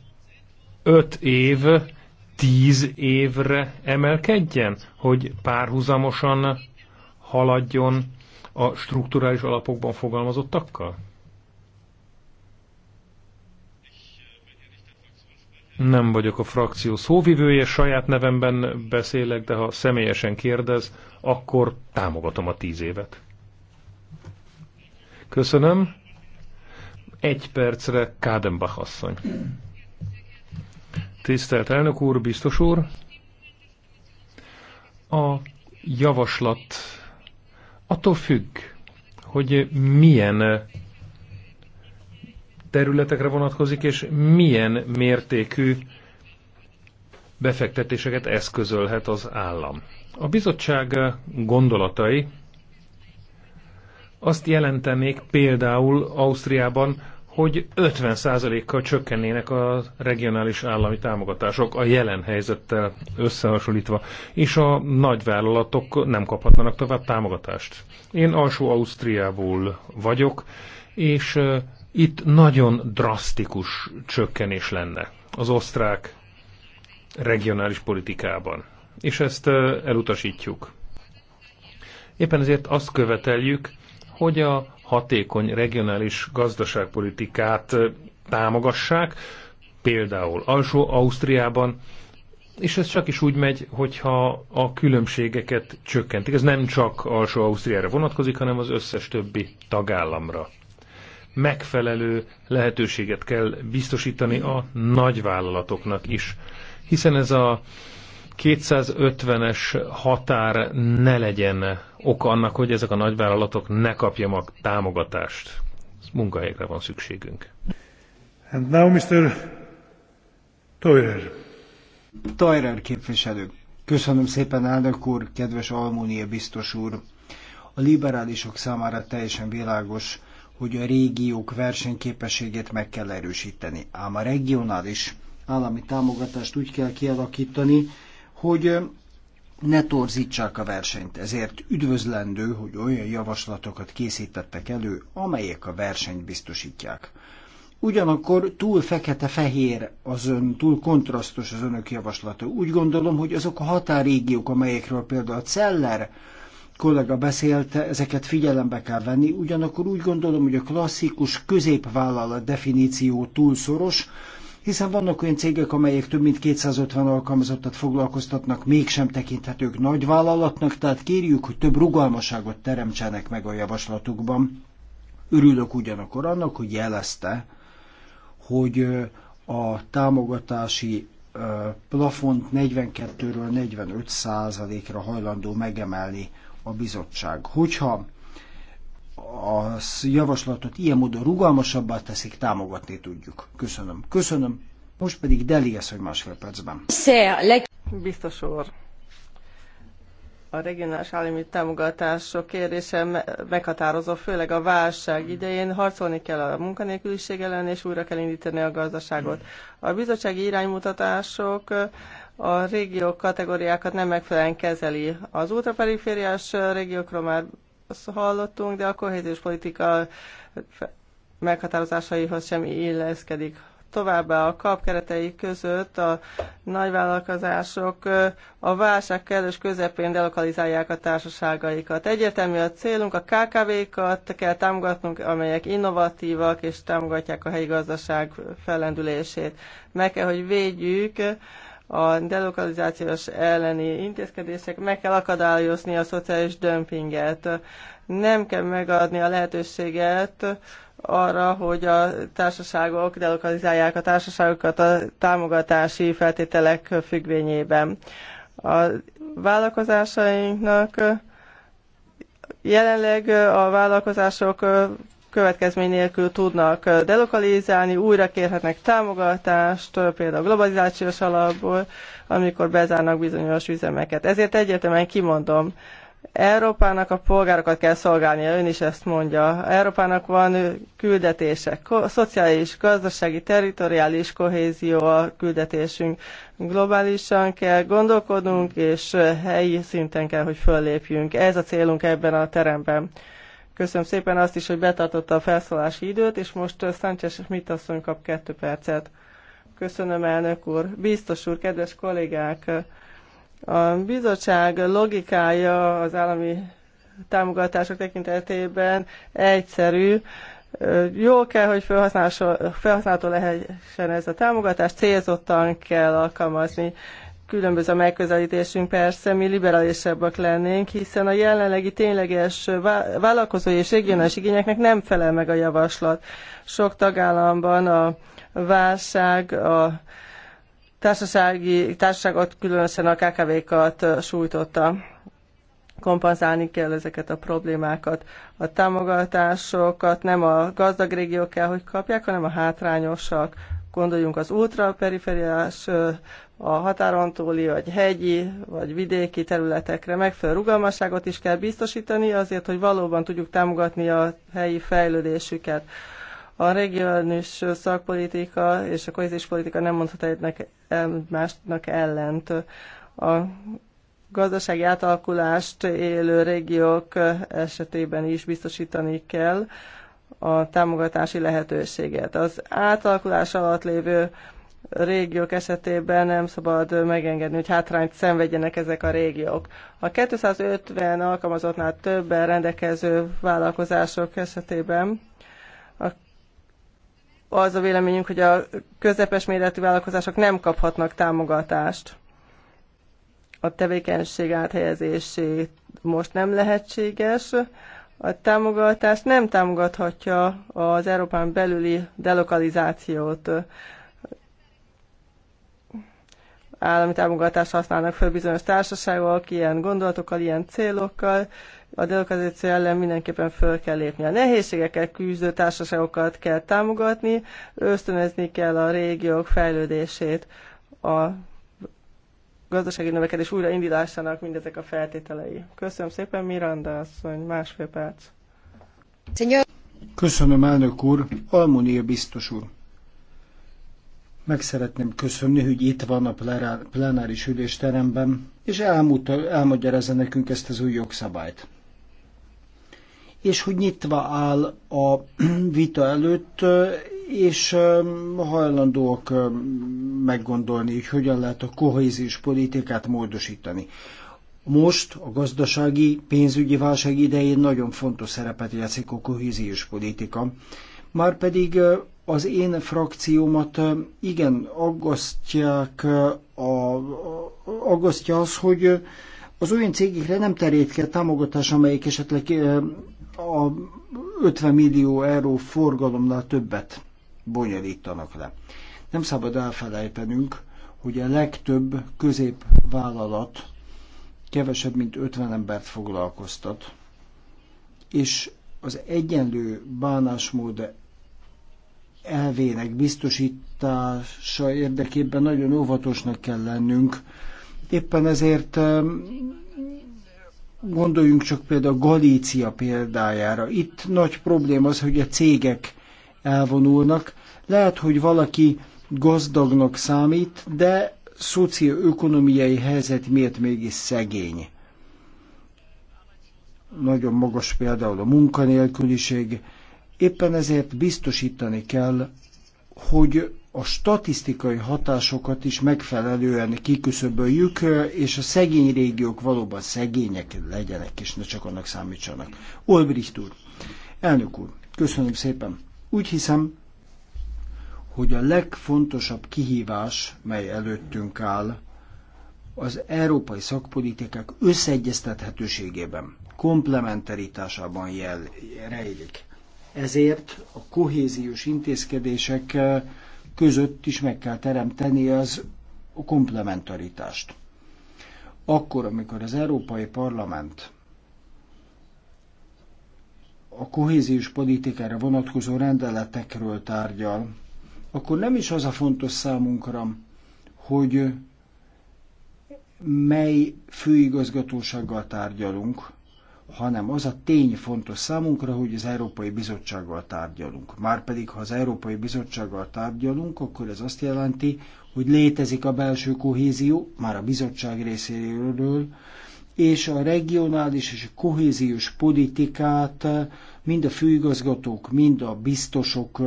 öt év tíz évre emelkedjen, hogy párhuzamosan haladjon a strukturális alapokban fogalmazottakkal? Nem vagyok a frakció szóvivője, saját nevemben beszélek, de ha személyesen kérdez, akkor támogatom a tíz évet. Köszönöm. Egy percre Kádenbach asszony. Tisztelt elnök úr, biztos úr! A javaslat attól függ, hogy milyen területekre vonatkozik, és milyen mértékű befektetéseket eszközölhet az állam. A bizottság gondolatai azt jelentenék például Ausztriában, hogy 50%-kal csökkennének a regionális állami támogatások a jelen helyzettel összehasonlítva, és a nagyvállalatok nem kaphatnának tovább támogatást. Én alsó Ausztriából vagyok, és itt nagyon drasztikus csökkenés lenne az osztrák regionális politikában, és ezt elutasítjuk. Éppen ezért azt követeljük, hogy a hatékony regionális gazdaságpolitikát támogassák, például alsó Ausztriában, és ez csak is úgy megy, hogyha a különbségeket csökkentik. Ez nem csak alsó Ausztriára vonatkozik, hanem az összes többi tagállamra. Megfelelő lehetőséget kell biztosítani a nagyvállalatoknak is, hiszen ez a 250-es határ ne legyen oka annak, hogy ezek a nagyvállalatok ne kapjanak támogatást. Munkahelyekre van szükségünk. And now Mr. Teurer. Teurer képviselő. Köszönöm szépen, elnök úr, kedves Almónia biztos úr. A liberálisok számára teljesen világos, hogy a régiók versenyképességét meg kell erősíteni. Ám a regionális állami támogatást úgy kell kialakítani, hogy ne torzítsák a versenyt, ezért üdvözlendő, hogy olyan javaslatokat készítettek elő, amelyek a versenyt biztosítják. Ugyanakkor túl fekete-fehér az ön, túl kontrasztos az önök javaslata. Úgy gondolom, hogy azok a határrégiók, amelyekről például a Celler kollega beszélt, ezeket figyelembe kell venni, ugyanakkor úgy gondolom, hogy a klasszikus középvállalat definíció túl szoros, hiszen vannak olyan cégek, amelyek több mint 250 alkalmazottat foglalkoztatnak, mégsem tekinthetők nagyvállalatnak, tehát kérjük, hogy több rugalmaságot teremtsenek meg a javaslatukban. Örülök ugyanakkor annak, hogy jelezte, hogy a támogatási plafont 42-ről 45 ra hajlandó megemelni a bizottság. Hogyha a javaslatot ilyen módon rugalmasabbá teszik, támogatni tudjuk. Köszönöm. Köszönöm. Most pedig Deliesz, hogy másfél percben. Biztos úr. A regionális állami támogatások kérése meghatározó, főleg a válság idején harcolni kell a munkanélküliség ellen, és újra kell indítani a gazdaságot. A bizottsági iránymutatások a régiók kategóriákat nem megfelelően kezeli. Az ultraperifériás régiókról már hallottunk, de a kohéziós politika meghatározásaihoz sem illeszkedik. Továbbá a kap keretei között a nagyvállalkozások a válság kellős közepén delokalizálják a társaságaikat. Egyértelmű a célunk, a KKV-kat kell támogatnunk, amelyek innovatívak és támogatják a helyi gazdaság fellendülését. Meg kell, hogy védjük a delokalizációs elleni intézkedések, meg kell akadályozni a szociális dömpinget. Nem kell megadni a lehetőséget arra, hogy a társaságok delokalizálják a társaságokat a támogatási feltételek függvényében. A vállalkozásainknak jelenleg a vállalkozások következmény nélkül tudnak delokalizálni, újra kérhetnek támogatást, például globalizációs alapból, amikor bezárnak bizonyos üzemeket. Ezért egyértelműen kimondom, Európának a polgárokat kell szolgálnia, ön is ezt mondja. Európának van küldetése, szociális, gazdasági, territoriális kohézió a küldetésünk. Globálisan kell gondolkodnunk, és helyi szinten kell, hogy föllépjünk. Ez a célunk ebben a teremben. Köszönöm szépen azt is, hogy betartotta a felszólási időt, és most uh, Sánchez Schmidt asszony kap kettő percet. Köszönöm, elnök úr. Biztos úr, kedves kollégák, uh, a bizottság logikája az állami támogatások tekintetében egyszerű. Uh, jó kell, hogy felhasználható lehessen ez a támogatás, célzottan kell alkalmazni különböző a megközelítésünk persze, mi liberálisabbak lennénk, hiszen a jelenlegi tényleges vállalkozói és regionális igényeknek nem felel meg a javaslat. Sok tagállamban a válság, a társasági, társaságot, különösen a KKV-kat sújtotta. Kompenzálni kell ezeket a problémákat. A támogatásokat nem a gazdag régiók kell, hogy kapják, hanem a hátrányosak. Gondoljunk az ultraperiferiás, a határon túli, vagy hegyi, vagy vidéki területekre megfelelő rugalmasságot is kell biztosítani, azért, hogy valóban tudjuk támogatni a helyi fejlődésüket. A regionális szakpolitika és a kohéziós politika nem mondhat egynek másnak ellent. A gazdasági átalakulást élő régiók esetében is biztosítani kell, a támogatási lehetőséget. Az átalakulás alatt lévő régiók esetében nem szabad megengedni, hogy hátrányt szenvedjenek ezek a régiók. A 250 alkalmazottnál többen rendelkező vállalkozások esetében a az a véleményünk, hogy a közepes méretű vállalkozások nem kaphatnak támogatást. A tevékenység áthelyezését most nem lehetséges. A támogatást nem támogathatja az Európán belüli delokalizációt. Állami támogatást használnak föl bizonyos társaságok, ilyen gondolatokkal, ilyen célokkal. A delokalizáció ellen mindenképpen föl kell lépni. A nehézségekkel küzdő társaságokat kell támogatni, ösztönözni kell a régiók fejlődését. A gazdasági növekedés újraindításának mindezek a feltételei. Köszönöm szépen, Miranda asszony, másfél perc. Köszönöm, elnök úr, Almunia biztos úr. Meg szeretném köszönni, hogy itt van a plenáris ülésteremben, és elmagyarázza nekünk ezt az új jogszabályt. És hogy nyitva áll a vita előtt, és hajlandóak meggondolni, hogy hogyan lehet a kohéziós politikát módosítani. Most a gazdasági, pénzügyi válság idején nagyon fontos szerepet játszik a kohéziós politika. Márpedig az én frakciómat igen aggasztják, a, aggasztja az, hogy az olyan cégekre nem terjed ki a támogatás, amelyik esetleg a 50 millió euró forgalomnál többet bonyolítanak le. Nem szabad elfelejtenünk, hogy a legtöbb középvállalat kevesebb, mint 50 embert foglalkoztat, és az egyenlő bánásmód elvének biztosítása érdekében nagyon óvatosnak kell lennünk. Éppen ezért gondoljunk csak például Galícia példájára. Itt nagy probléma az, hogy a cégek elvonulnak. Lehet, hogy valaki gazdagnak számít, de szocioökonomiai helyzet miért mégis szegény. Nagyon magas például a munkanélküliség. Éppen ezért biztosítani kell, hogy a statisztikai hatásokat is megfelelően kiküszöböljük, és a szegény régiók valóban szegények legyenek, és ne csak annak számítsanak. Olbricht úr, elnök úr, köszönöm szépen. Úgy hiszem, hogy a legfontosabb kihívás, mely előttünk áll, az európai szakpolitikák összeegyeztethetőségében, komplementaritásában jel, rejlik. Ezért a kohéziós intézkedések eh, között is meg kell teremteni az komplementaritást. Akkor, amikor az Európai Parlament a kohéziós politikára vonatkozó rendeletekről tárgyal, akkor nem is az a fontos számunkra, hogy mely főigazgatósággal tárgyalunk, hanem az a tény fontos számunkra, hogy az Európai Bizottsággal tárgyalunk. Márpedig, ha az Európai Bizottsággal tárgyalunk, akkor ez azt jelenti, hogy létezik a belső kohézió, már a bizottság részéről, és a regionális és a kohéziós politikát mind a főigazgatók, mind a biztosok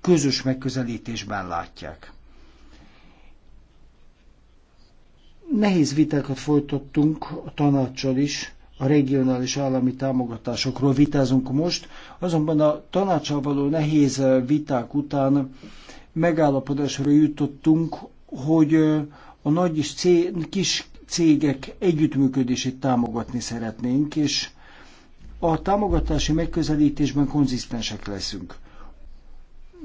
közös megközelítésben látják. Nehéz vitákat folytattunk a tanácssal is, a regionális állami támogatásokról vitázunk most, azonban a tanácssal való nehéz viták után megállapodásra jutottunk, hogy a nagy és kis cégek együttműködését támogatni szeretnénk, és a támogatási megközelítésben konzisztensek leszünk.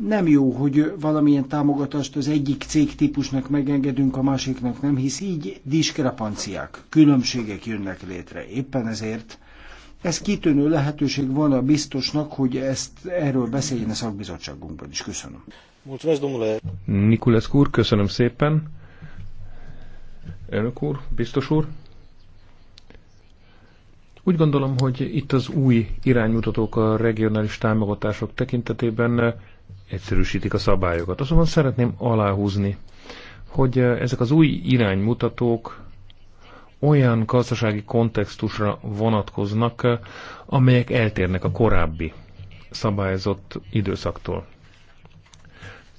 Nem jó, hogy valamilyen támogatást az egyik cégtípusnak megengedünk, a másiknak nem, hisz így diskrepanciák, különbségek jönnek létre. Éppen ezért ez kitűnő lehetőség van a biztosnak, hogy ezt erről beszéljen a szakbizottságunkban is. Köszönöm. Mulțumesc, úr, köszönöm szépen. Elnök úr, biztos úr. Úgy gondolom, hogy itt az új iránymutatók a regionális támogatások tekintetében egyszerűsítik a szabályokat. Azonban szeretném aláhúzni, hogy ezek az új iránymutatók olyan gazdasági kontextusra vonatkoznak, amelyek eltérnek a korábbi szabályozott időszaktól.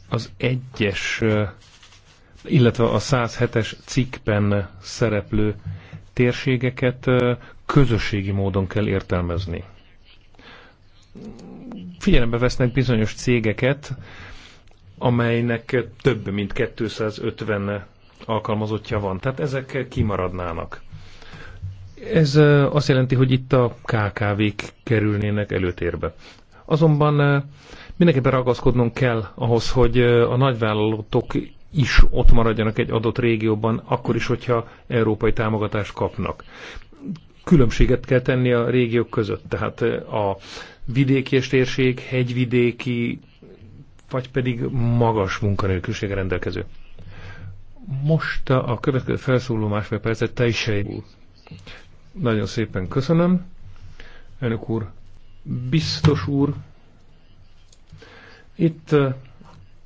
Az egyes illetve a 107-es cikkben szereplő térségeket közösségi módon kell értelmezni. Figyelembe vesznek bizonyos cégeket, amelynek több mint 250 alkalmazottja van. Tehát ezek kimaradnának. Ez azt jelenti, hogy itt a KKV-k kerülnének előtérbe. Azonban mindenképpen ragaszkodnunk kell ahhoz, hogy a nagyvállalatok is ott maradjanak egy adott régióban, akkor is, hogyha európai támogatást kapnak. Különbséget kell tenni a régiók között, tehát eh, a vidéki és térség, hegyvidéki, vagy pedig magas munkanélküliség rendelkező. Most a következő felszóló másfél percet Teisei úr. Nagyon szépen köszönöm. Önök úr, biztos úr, itt eh,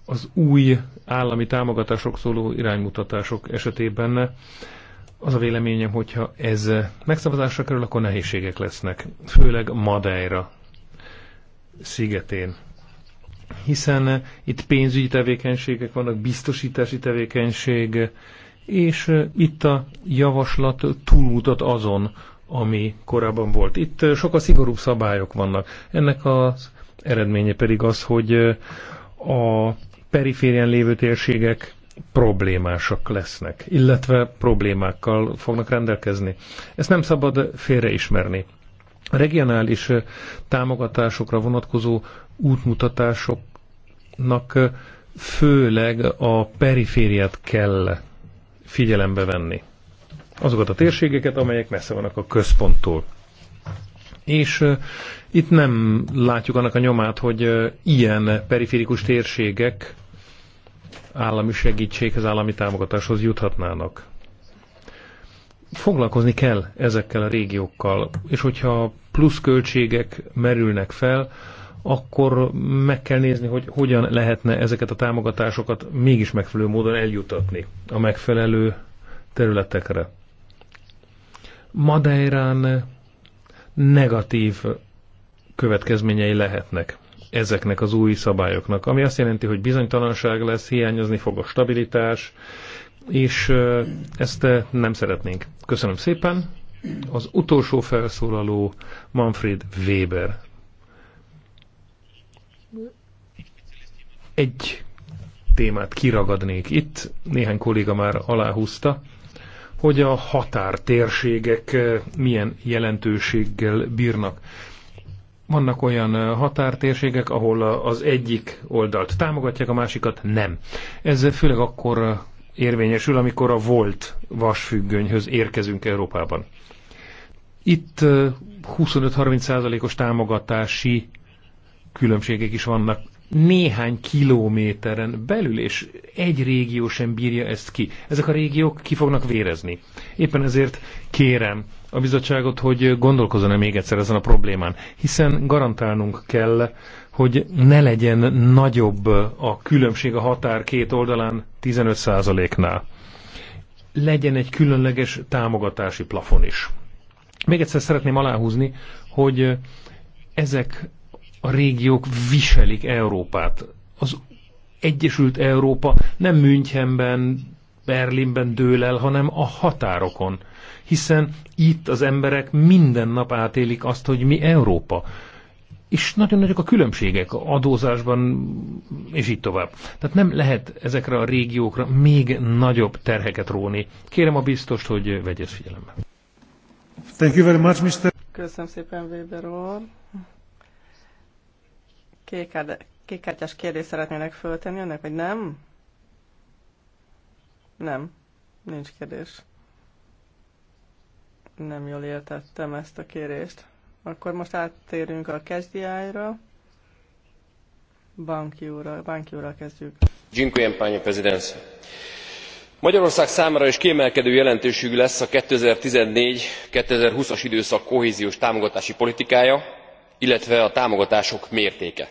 az új állami támogatások szóló iránymutatások esetében az a véleményem, hogyha ez megszavazásra kerül, akkor nehézségek lesznek, főleg Madeira szigetén. Hiszen itt pénzügyi tevékenységek vannak, biztosítási tevékenység, és itt a javaslat túlmutat azon, ami korábban volt. Itt sokkal szigorúbb szabályok vannak. Ennek az eredménye pedig az, hogy a periférien lévő térségek problémásak lesznek, illetve problémákkal fognak rendelkezni. Ezt nem szabad félreismerni. A regionális támogatásokra vonatkozó útmutatásoknak főleg a perifériát kell figyelembe venni. Azokat a térségeket, amelyek messze vannak a központtól. És itt nem látjuk annak a nyomát, hogy ilyen periférikus térségek állami segítséghez, állami támogatáshoz juthatnának. Foglalkozni kell ezekkel a régiókkal, és hogyha plusz költségek merülnek fel, akkor meg kell nézni, hogy hogyan lehetne ezeket a támogatásokat mégis megfelelő módon eljutatni a megfelelő területekre. Madeirán negatív következményei lehetnek ezeknek az új szabályoknak, ami azt jelenti, hogy bizonytalanság lesz, hiányozni fog a stabilitás, és ezt nem szeretnénk. Köszönöm szépen. Az utolsó felszólaló Manfred Weber. Egy témát kiragadnék itt, néhány kolléga már aláhúzta, hogy a határtérségek eh, milyen jelentőséggel bírnak. Vannak olyan eh, határtérségek, ahol az egyik oldalt támogatják, a másikat nem. Ez főleg akkor eh, érvényesül, amikor a volt vasfüggönyhöz érkezünk Európában. Itt 25-30 százalékos támogatási különbségek is vannak néhány kilométeren belül, és egy régió sem bírja ezt ki. Ezek a régiók ki fognak vérezni. Éppen ezért kérem a bizottságot, hogy gondolkozzon-e még egyszer ezen a problémán, hiszen garantálnunk kell, hogy ne legyen nagyobb a különbség a határ két oldalán 15%-nál. Legyen egy különleges támogatási plafon is. Még egyszer szeretném aláhúzni, hogy ezek a régiók viselik Európát. Az Egyesült Európa nem Münchenben, Berlinben dől el, hanem a határokon. Hiszen itt az emberek minden nap átélik azt, hogy mi Európa. És nagyon nagyok a különbségek adózásban, és így tovább. Tehát nem lehet ezekre a régiókra még nagyobb terheket róni. Kérem a biztost, hogy vegyes figyelembe. Thank you very much, Mr. Köszönöm szépen, Weber úr kékártyás kérdést szeretnének föltenni önnek, vagy nem? Nem, nincs kérdés. Nem jól értettem ezt a kérést. Akkor most áttérünk a kezdiájra. Banki úrral, banki úrral kezdjük. Dziękuję, panie prezidence. Magyarország számára is kiemelkedő jelentőségű lesz a 2014-2020-as időszak kohéziós támogatási politikája, illetve a támogatások mértéke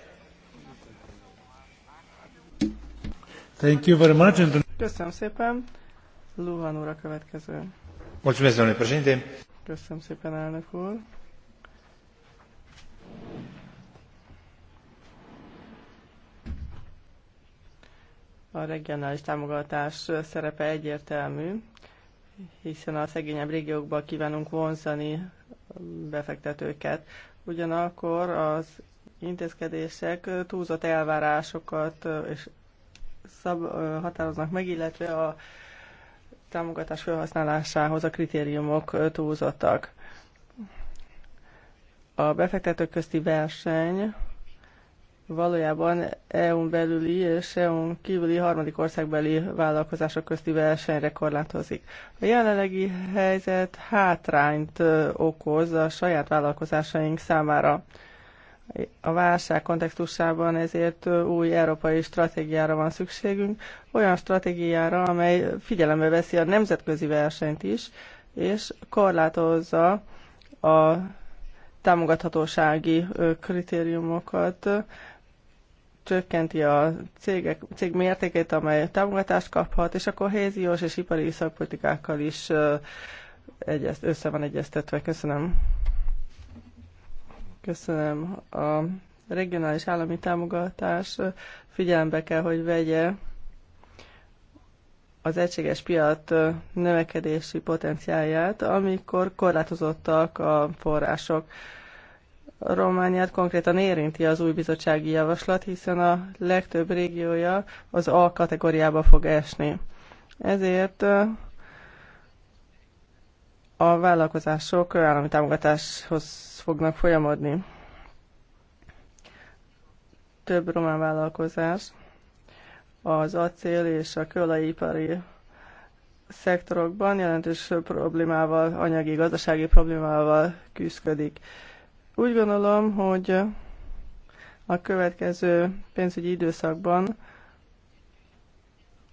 Thank you very much. Köszönöm szépen. Luhan úr a következő. Mulțumesc, domnule președinte. Köszönöm szépen, elnök úr. A regionális támogatás szerepe egyértelmű, hiszen a szegényebb régiókba kívánunk vonzani befektetőket. Ugyanakkor az intézkedések túlzott elvárásokat és szab, határoznak meg, illetve a támogatás felhasználásához a kritériumok túlzottak. A befektetők közti verseny valójában EU-n belüli és EU-n kívüli harmadik országbeli vállalkozások közti versenyre korlátozik. A jelenlegi helyzet hátrányt okoz a saját vállalkozásaink számára. A válság kontextusában ezért új európai stratégiára van szükségünk, olyan stratégiára, amely figyelembe veszi a nemzetközi versenyt is, és korlátozza a támogathatósági kritériumokat, csökkenti a cégek, cég mértékét, amely támogatást kaphat, és a kohéziós és ipari szakpolitikákkal is egyez, össze van egyeztetve. Köszönöm. Köszönöm. A regionális állami támogatás figyelembe kell, hogy vegye az egységes piac növekedési potenciálját, amikor korlátozottak a források. Romániát konkrétan érinti az új bizottsági javaslat, hiszen a legtöbb régiója az A kategóriába fog esni. Ezért a vállalkozások állami támogatáshoz fognak folyamodni. Több román vállalkozás az acél és a kőolajipari szektorokban jelentős problémával, anyagi, gazdasági problémával küzdik. Úgy gondolom, hogy a következő pénzügyi időszakban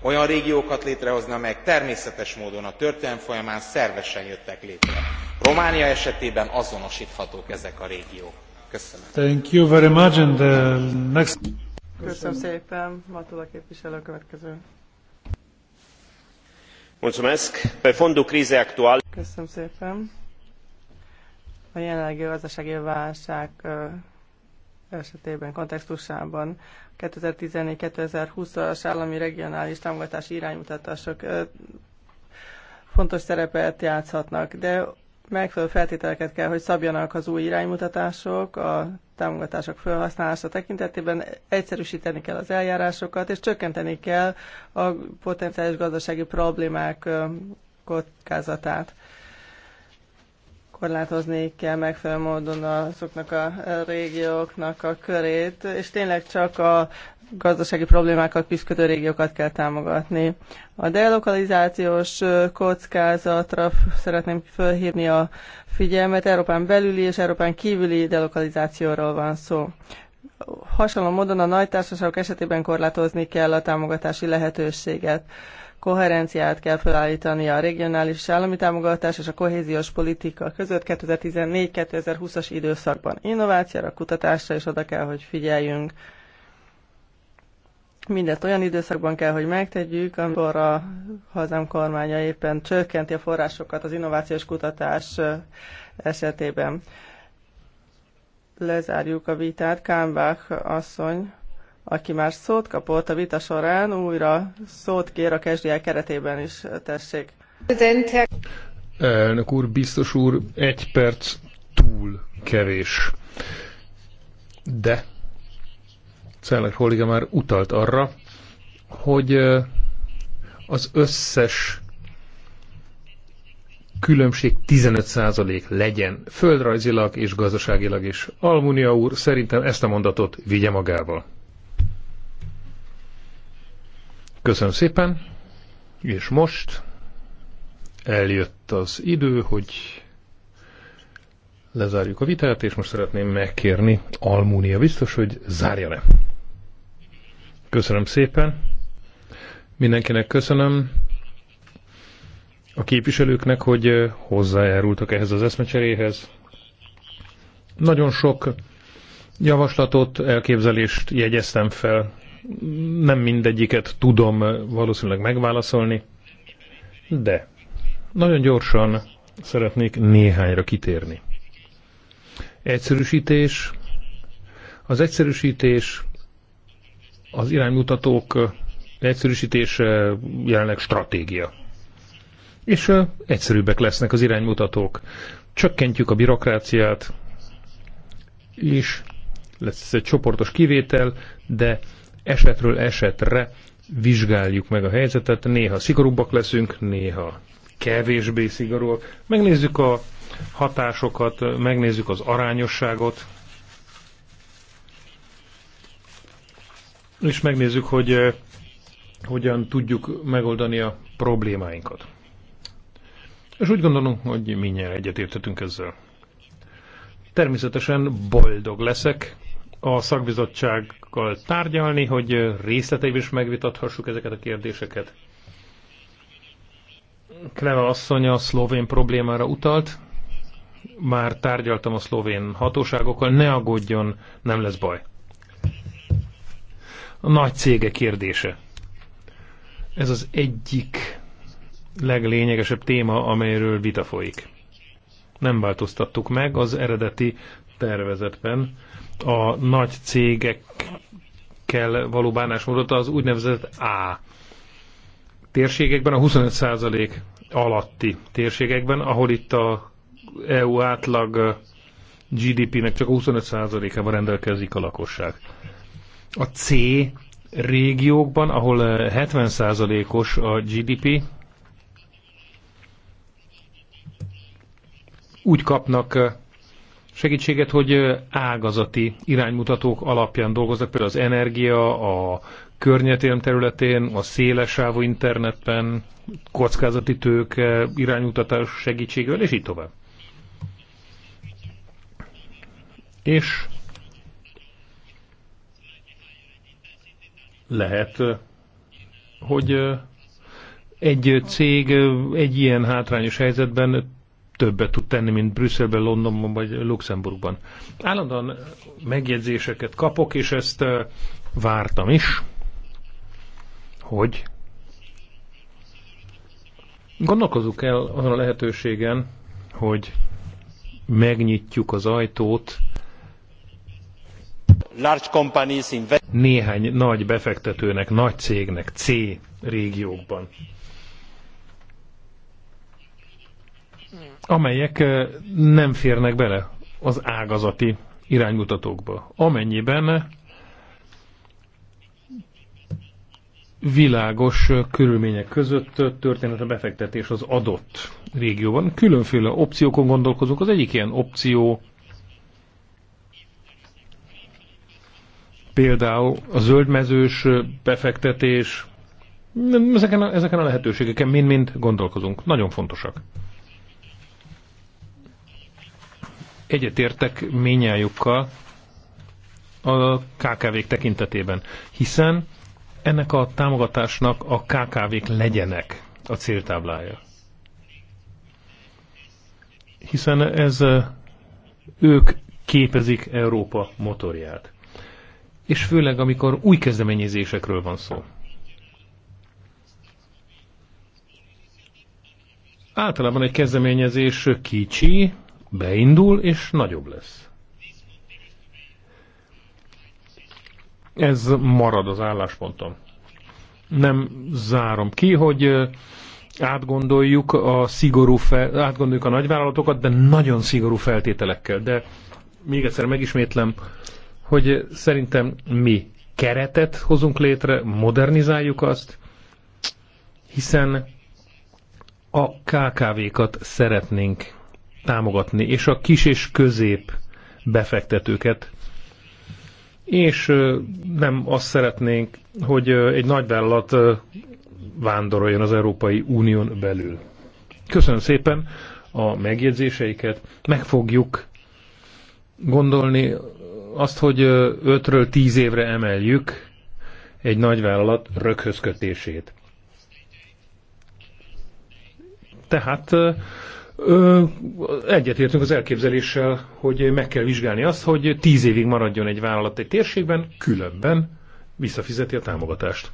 olyan régiókat létrehozni amelyek természetes módon a történelem folyamán szervesen jöttek létre. románia esetében azonosthatók ezek a régiók. köszönöm. Uh, next... Köszönöm szépen, Matula képviselő következő. Mulțumesc. Pe fondul crizei actuale. Köszönöm szépen. A jelenlegi gazdasági válság esetében, kontextusában 2014-2020-as állami regionális támogatási iránymutatások fontos szerepet játszhatnak, de megfelelő feltételeket kell, hogy szabjanak az új iránymutatások, a támogatások felhasználása tekintetében egyszerűsíteni kell az eljárásokat, és csökkenteni kell a potenciális gazdasági problémák kockázatát korlátozni kell megfelelő módon azoknak a régióknak a körét, és tényleg csak a gazdasági problémákat küzdködő régiókat kell támogatni. A delokalizációs kockázatra szeretném felhívni a figyelmet, Európán belüli és Európán kívüli delokalizációról van szó. Hasonló módon a nagy társaságok esetében korlátozni kell a támogatási lehetőséget koherenciát kell felállítani a regionális és állami támogatás és a kohéziós politika között 2014-2020-as időszakban. Innovációra, kutatásra is oda kell, hogy figyeljünk. Mindezt olyan időszakban kell, hogy megtegyük, amikor a hazám kormánya éppen csökkenti a forrásokat az innovációs kutatás esetében. Lezárjuk a vitát. Kámbák asszony aki már szót kapott a vita során, újra szót kér a KSDI keretében is, tessék. Elnök úr, biztos úr, egy perc túl kevés. De Celler Holiga már utalt arra, hogy az összes különbség 15% legyen, földrajzilag és gazdaságilag is. Almunia úr szerintem ezt a mondatot vigye magával. Köszönöm szépen, és most eljött az idő, hogy lezárjuk a vitát, és most szeretném megkérni Almúnia biztos, hogy zárja le. Köszönöm szépen. Mindenkinek köszönöm a képviselőknek, hogy hozzájárultak ehhez az eszmecseréhez. Nagyon sok javaslatot, elképzelést jegyeztem fel, nem mindegyiket tudom valószínűleg megválaszolni, de nagyon gyorsan szeretnék néhányra kitérni. Egyszerűsítés. Az egyszerűsítés, az iránymutatók egyszerűsítés jelenleg stratégia. És egyszerűbbek lesznek az iránymutatók. Csökkentjük a bürokráciát, és lesz egy csoportos kivétel, de esetről esetre vizsgáljuk meg a helyzetet, néha szigorúbbak leszünk, néha kevésbé szigorúak. Megnézzük a hatásokat, megnézzük az arányosságot, és megnézzük, hogy eh, hogyan tudjuk megoldani a problémáinkat. És úgy gondolom, hogy mindjárt egyetértetünk ezzel. Természetesen boldog leszek, a szakbizottsággal tárgyalni, hogy részleteiben is megvitathassuk ezeket a kérdéseket. Kleva asszony a szlovén problémára utalt. Már tárgyaltam a szlovén hatóságokkal, ne aggódjon, nem lesz baj. A nagy cége kérdése. Ez az egyik leglényegesebb téma, amelyről vita folyik. Nem változtattuk meg az eredeti tervezetben a nagy cégekkel való bánásmódot az úgynevezett A térségekben, a 25% alatti térségekben, ahol itt a EU átlag GDP-nek csak a 25 ában rendelkezik a lakosság. A C régiókban, ahol 70%-os a GDP, úgy kapnak segítséget, hogy ágazati iránymutatók alapján dolgoznak, például az energia, a környezetélem területén, a szélesávú internetben, kockázati tők iránymutatás segítségével, és így tovább. És lehet, hogy egy cég egy ilyen hátrányos helyzetben többet tud tenni, mint Brüsszelben, Londonban vagy Luxemburgban. Állandóan megjegyzéseket kapok, és ezt vártam is, hogy gondolkozunk el azon a lehetőségen, hogy megnyitjuk az ajtót néhány nagy befektetőnek, nagy cégnek, C régiókban. amelyek nem férnek bele az ágazati iránymutatókba. Amennyiben világos körülmények között történet a befektetés az adott régióban. Különféle opciókon gondolkozunk. Az egyik ilyen opció például a zöldmezős befektetés, ezeken a, ezeken a lehetőségeken mind-mind gondolkozunk. Nagyon fontosak. egyetértek ményájukkal a KKV-k tekintetében, hiszen ennek a támogatásnak a KKV-k legyenek a céltáblája. Hiszen ez ők képezik Európa motorját. És főleg, amikor új kezdeményezésekről van szó. Általában egy kezdeményezés kicsi, beindul, és nagyobb lesz. Ez marad az álláspontom. Nem zárom ki, hogy átgondoljuk a szigorú fel, átgondoljuk a nagyvállalatokat, de nagyon szigorú feltételekkel. De még egyszer megismétlem, hogy szerintem mi keretet hozunk létre, modernizáljuk azt, hiszen a KKV-kat szeretnénk támogatni, és a kis és közép befektetőket. És nem azt szeretnénk, hogy egy nagy vállalat vándoroljon az Európai Unión belül. Köszönöm szépen a megjegyzéseiket. Meg fogjuk gondolni azt, hogy 5-ről 10 évre emeljük egy nagyvállalat vállalat kötését. Tehát Egyetértünk az elképzeléssel, hogy meg kell vizsgálni azt, hogy tíz évig maradjon egy vállalat egy térségben, különben visszafizeti a támogatást.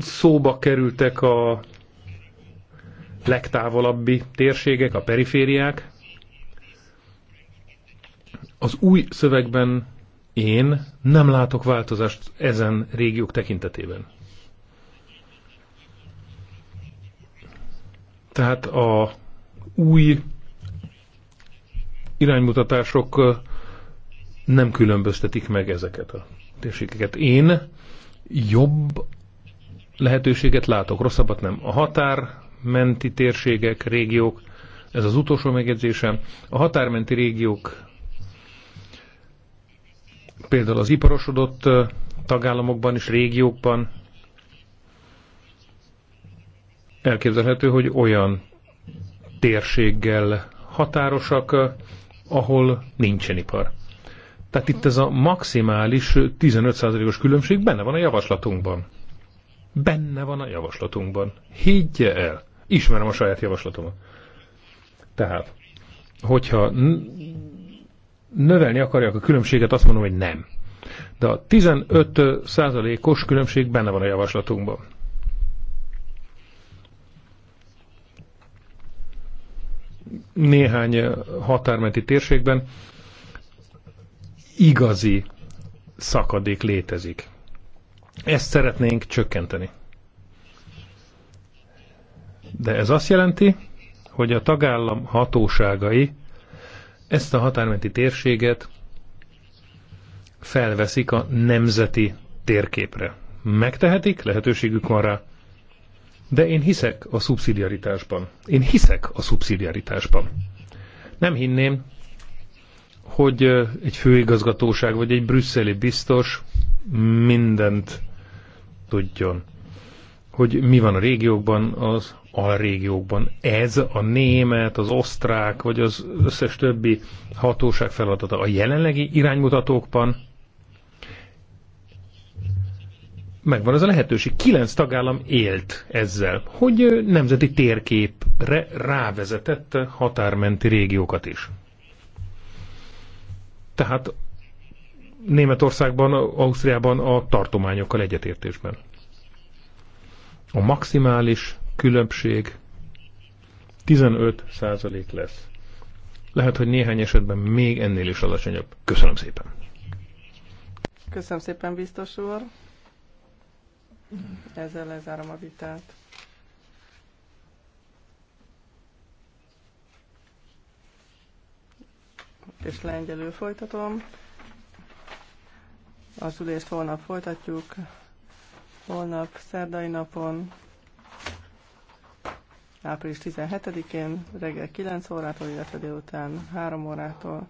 Szóba kerültek a legtávolabbi térségek, a perifériák. Az új szövegben én nem látok változást ezen régiók tekintetében. Tehát a új iránymutatások nem különböztetik meg ezeket a térségeket. Én jobb lehetőséget látok, rosszabbat nem. A határ menti térségek, régiók, ez az utolsó megjegyzésem, a határmenti régiók például az iparosodott tagállamokban és régiókban elképzelhető, hogy olyan térséggel határosak, ahol nincsen ipar. Tehát itt ez a maximális 15%-os különbség benne van a javaslatunkban. Benne van a javaslatunkban. Higgye el! Ismerem a saját javaslatomat. Tehát, hogyha növelni akarják a különbséget, azt mondom, hogy nem. De a 15%-os különbség benne van a javaslatunkban. néhány határmenti térségben igazi szakadék létezik. Ezt szeretnénk csökkenteni. De ez azt jelenti, hogy a tagállam hatóságai ezt a határmenti térséget felveszik a nemzeti térképre. Megtehetik, lehetőségük van rá, de én hiszek a szubszidiaritásban. Én hiszek a szubszidiaritásban. Nem hinném, hogy egy főigazgatóság vagy egy brüsszeli biztos mindent tudjon. Hogy mi van a régiókban, az alrégiókban. Ez a német, az osztrák, vagy az összes többi hatóság feladata a jelenlegi iránymutatókban megvan ez a lehetőség. Kilenc tagállam élt ezzel, hogy nemzeti térképre rávezetett határmenti régiókat is. Tehát Németországban, Ausztriában a tartományokkal egyetértésben. A maximális különbség 15 százalék lesz. Lehet, hogy néhány esetben még ennél is alacsonyabb. Köszönöm szépen. Köszönöm szépen, biztos úr. Ezzel lezárom a vitát. És lengyelül folytatom. Az ülést holnap folytatjuk. Holnap szerdai napon, április 17-én reggel 9 órától, illetve délután 3 órától.